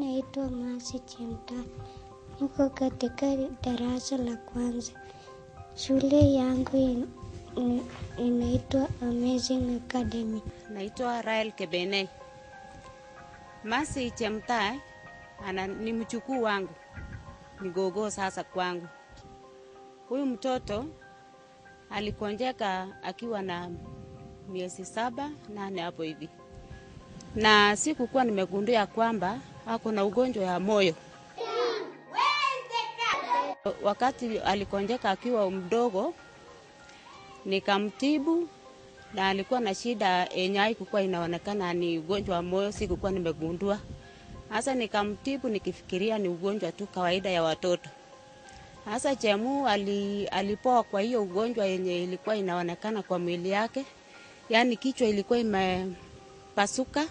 naitwa Masi Chimta. niko katika darasa la kwanza. Shule yangu inaitwa Amazing Academy. Naitwa Rael Kebene. Masi chemta eh, ana, ni mchukuu wangu, ni gogo sasa kwangu. Huyu mtoto alikonjeka akiwa na miezi saba nane hapo hivi, na sikukuwa nimegundua kwamba ako na ugonjwa ya moyo. Wakati alikonjeka akiwa mdogo, nikamtibu na alikuwa na shida yenye haikukuwa inaonekana ni ugonjwa wa moyo, sikukuwa nimegundua hasa. Nikamtibu nikifikiria ni ugonjwa tu kawaida ya watoto. Hasa Chemu ali, alipoa kwa hiyo ugonjwa yenye ilikuwa inaonekana kwa mwili yake, yaani kichwa ilikuwa imepasuka,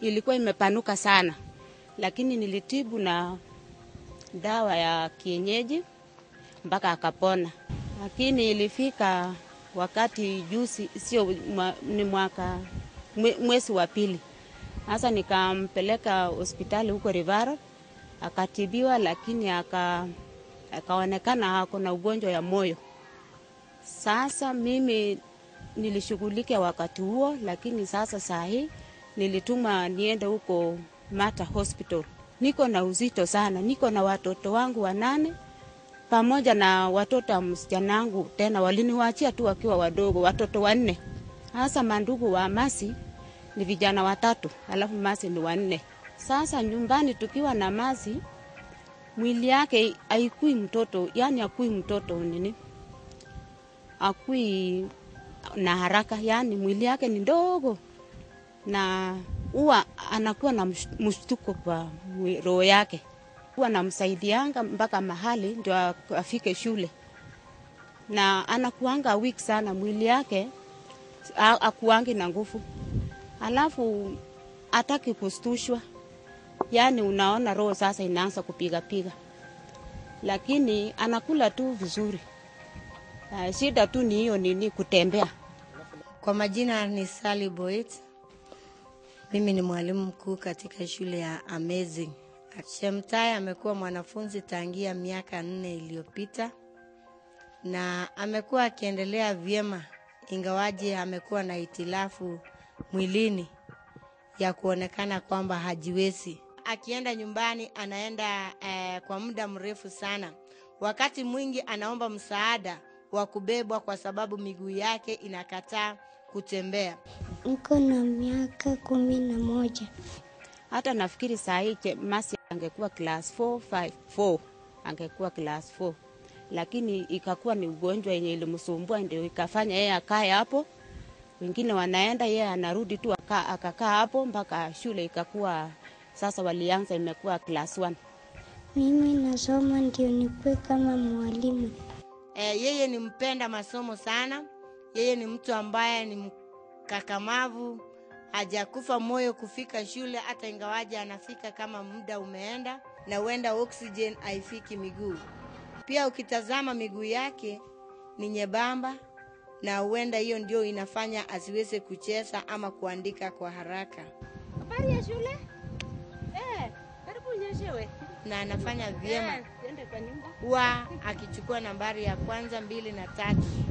ilikuwa imepanuka sana lakini nilitibu na dawa ya kienyeji mpaka akapona, lakini ilifika wakati juzi, sio ni mwaka mwezi wa pili sasa, nikampeleka hospitali huko Rivara akatibiwa, lakini akaonekana ako na ugonjwa ya moyo. Sasa mimi nilishughulikia wakati huo, lakini sasa saa hii nilituma niende huko Mata Hospital. Niko na uzito sana, niko na watoto wangu wanane pamoja na watoto wa msichana wangu, tena waliniwachia tu wakiwa wadogo, watoto wanne. Hasa mandugu wa Masi ni vijana watatu, alafu Masi ni wanne. Sasa nyumbani tukiwa na Masi, mwili yake haikui mtoto, yani akui mtoto nini, akui na haraka, yani mwili yake ni ndogo na huwa anakuwa na mshtuko kwa roho yake, huwa namsaidianga mpaka mahali ndio afike shule, na anakuanga weak sana mwili yake akuangi na nguvu, alafu ataki kustushwa, yaani unaona roho sasa inaanza kupigapiga, lakini anakula tu vizuri. Eh, shida tu ni hiyo nini, kutembea. Kwa majina ni Sally Boit. Mimi ni mwalimu mkuu katika shule ya Amazing. Shemtai amekuwa mwanafunzi tangia miaka nne iliyopita na amekuwa akiendelea vyema, ingawaje amekuwa na itilafu mwilini ya kuonekana kwamba hajiwezi. Akienda nyumbani anaenda eh, kwa muda mrefu sana. Wakati mwingi anaomba msaada wa kubebwa kwa sababu miguu yake inakataa kutembea niko na miaka kumi na moja. Hata nafikiri saa hii Masi angekuwa class 4 5 4 angekuwa class 4 lakini ikakuwa ni ugonjwa yenye ilimsumbua, ndio ikafanya yeye akae hapo. Wengine wanaenda, yeye anarudi tu akakaa hapo mpaka shule ikakuwa sasa, walianza imekuwa class 1. Mimi nasoma ndio nikuwe kama mwalimu. E, yeye ni mpenda masomo sana. Yeye ni mtu ambaye ni kakamavu, hajakufa moyo kufika shule hata ingawaje anafika kama muda umeenda, na huenda oxygen haifiki miguu. Pia ukitazama miguu yake ni nyebamba na huenda hiyo ndio inafanya asiweze kucheza ama kuandika kwa haraka. Habari ya shule eh, karibu nyeshewe na anafanya eh, vyema, huwa akichukua nambari ya kwanza, mbili na tatu.